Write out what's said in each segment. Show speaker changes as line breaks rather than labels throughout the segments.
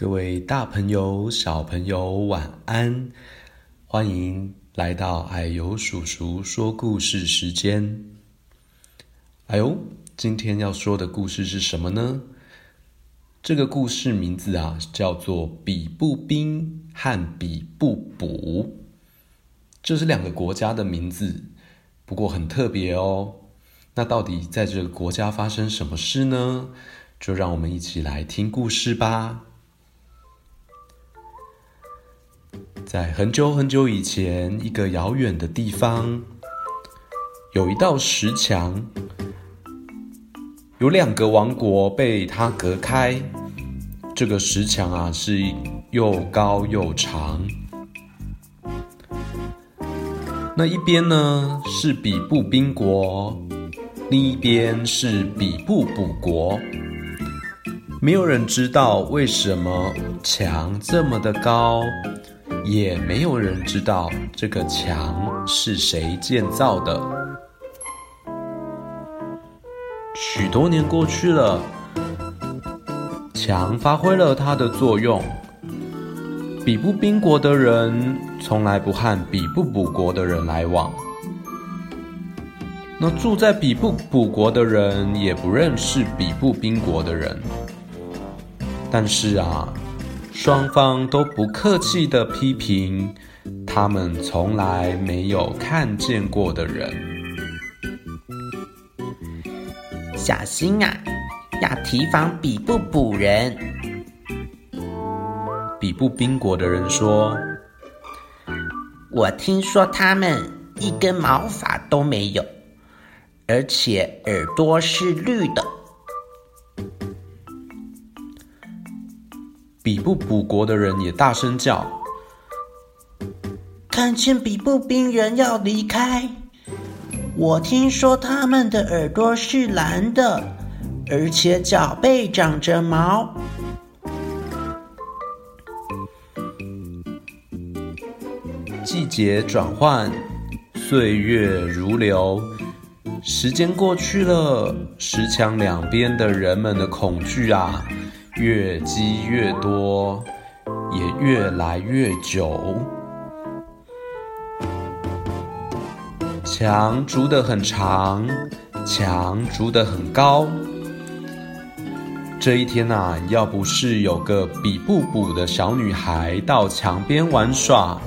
各位大朋友、小朋友，晚安！歡迎來到啊呦叔叔說故事時間。啊呦，今天要說的故事是什麼呢？這個故事名字啊叫做《比布賓》和《比布卜》，這是兩個國家的名字，不過很特別哦。那到底在這個國家發生什麼事呢？就讓我們一起來聽故事吧。在很久很久以前，一個遙遠的地方，有一道石牆，有兩個王國被它隔開。這個石牆啊，是又高又長。那一邊呢，是比布賓國，另一邊是比布卜國。沒有人知道為什麼牆這麼的高。也沒有人知道這個牆是誰建造的。許多年過去了，牆發揮了它的作用。比布賓國的人從來不和比布卜國的人來往，那住在比布卜國的人也不認識比布賓國的人。但是啊。雙方都不客氣的批評他們從來沒有看見過的人。小心啊，要提防比布卜人。比布賓國的人說：“我聽說他們一根毛髮都沒有，而且耳朵是綠的。”比布卜國的人也大聲叫，看見比布賓人要離開。我聽說他們的耳朵是藍的，而且腳背長着毛。季節轉換，歲月如流，時間過去了，石牆兩邊的人們的恐懼啊！越積越多，也越來越久。牆築得很長，牆築得很高。這一天吶、啊，要不是有個比布卜的小女孩到牆邊玩耍，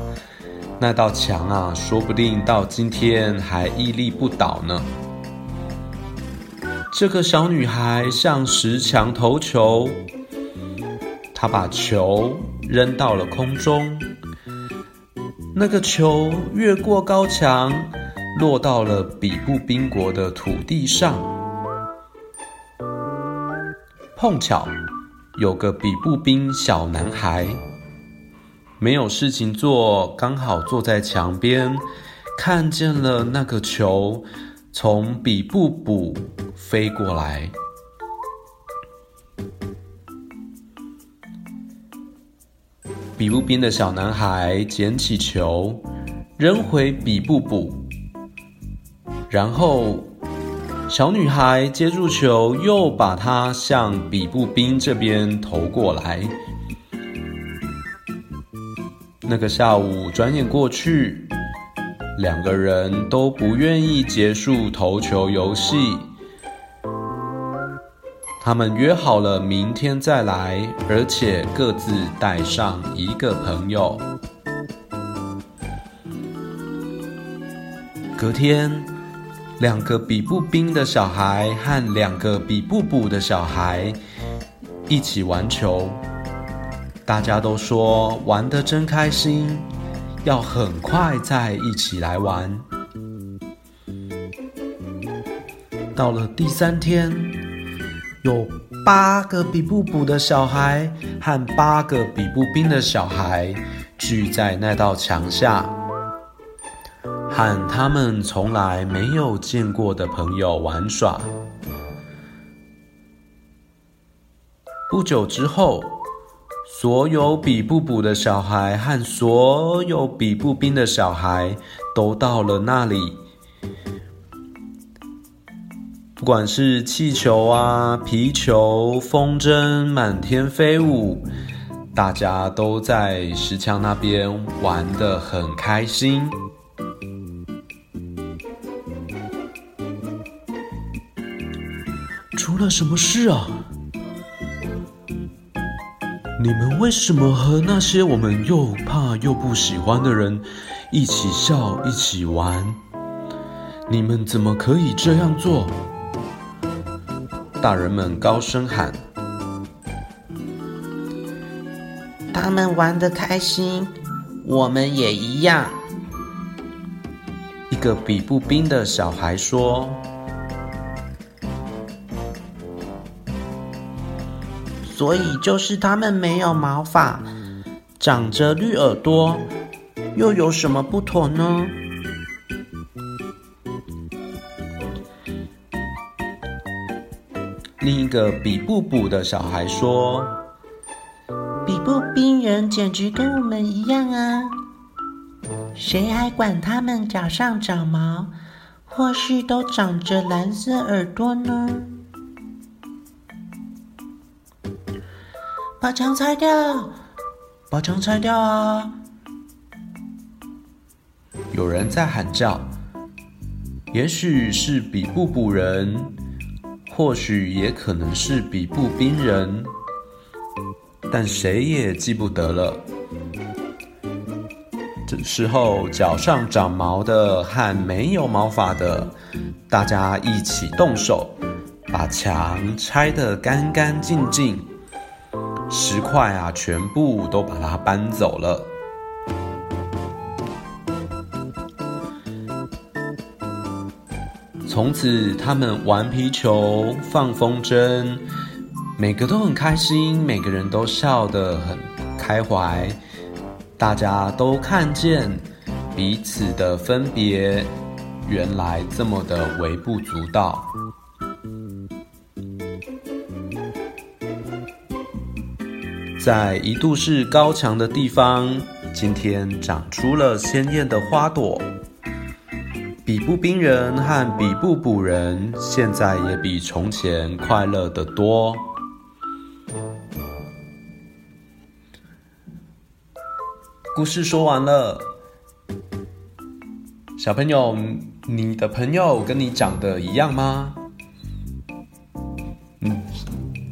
那道牆啊，說不定到今天還屹立不倒呢。這個小女孩向石牆投球，她把球扔到了空中。那個球越過高牆，落到了比布賓國的土地上。碰巧，有個比布賓小男孩，沒有事情做，剛好坐在牆邊，看見了那個球。從比布卜飛過來，比布賓的小男孩撿起球，扔回比布卜，然後小女孩接住球，又把它向比布賓這邊投過來。那個下午轉眼過去。兩個人都不願意結束投球遊戲，他們約好了明天再來，而且各自帶上一個朋友。隔天，兩個比布賓的小孩和兩個比布卜的小孩一起玩球，大家都說玩得真開心。要很快再一起來玩。到了第三天，有八個比布卜的小孩和八個比布賓的小孩聚在那道牆下，和他們從來沒有見過的朋友玩耍。不久之後。所有比布卜的小孩和所有比布賓的小孩都到了那裡。不管是氣球啊、皮球、風箏，滿天飛舞，大家都在石牆那邊玩得很開心。出了什麼事啊？你們為什麼和那些我們又怕又不喜歡的人一起笑、一起玩？你們怎麼可以這樣做？大人們高聲喊：“他們玩得開心，我們也一樣。”一個比布賓的小孩說。所以就是他們沒有毛髮，長着綠耳朵，又有什麼不妥呢？另一個比布卜的小孩說：“比布賓人簡直跟我們一樣啊，誰還管他們腳上長毛，或是都長着藍色耳朵呢？”把牆拆掉，把牆拆掉啊！有人在喊叫，也許是比布卜人，或許也可能是比布賓人，但誰也記不得了。這時候，腳上長毛的和沒有毛髮的，大家一起動手，把牆拆得乾乾淨淨。石塊啊，全部都把它搬走了。從此，他們玩皮球、放風箏，每個都很開心，每個人都笑得很開懷。大家都看見彼此的分別，原來這麼的微不足道。在一度是高牆的地方，今天長出了鮮艷的花朵。比布賓人和比布卜人，現在也比從前快樂得多。故事說完了，小朋友，你的朋友跟你長得一樣嗎？嗯，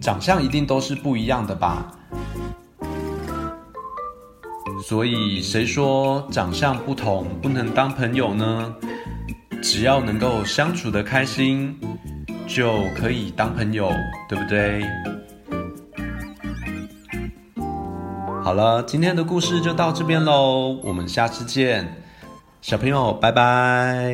長相一定都是不一樣的吧。所以，誰說長相不同不能當朋友呢？只要能夠相處得開心，就可以當朋友，對不對？好了，今天的故事就到這邊嘍，我們下次見，小朋友，拜拜。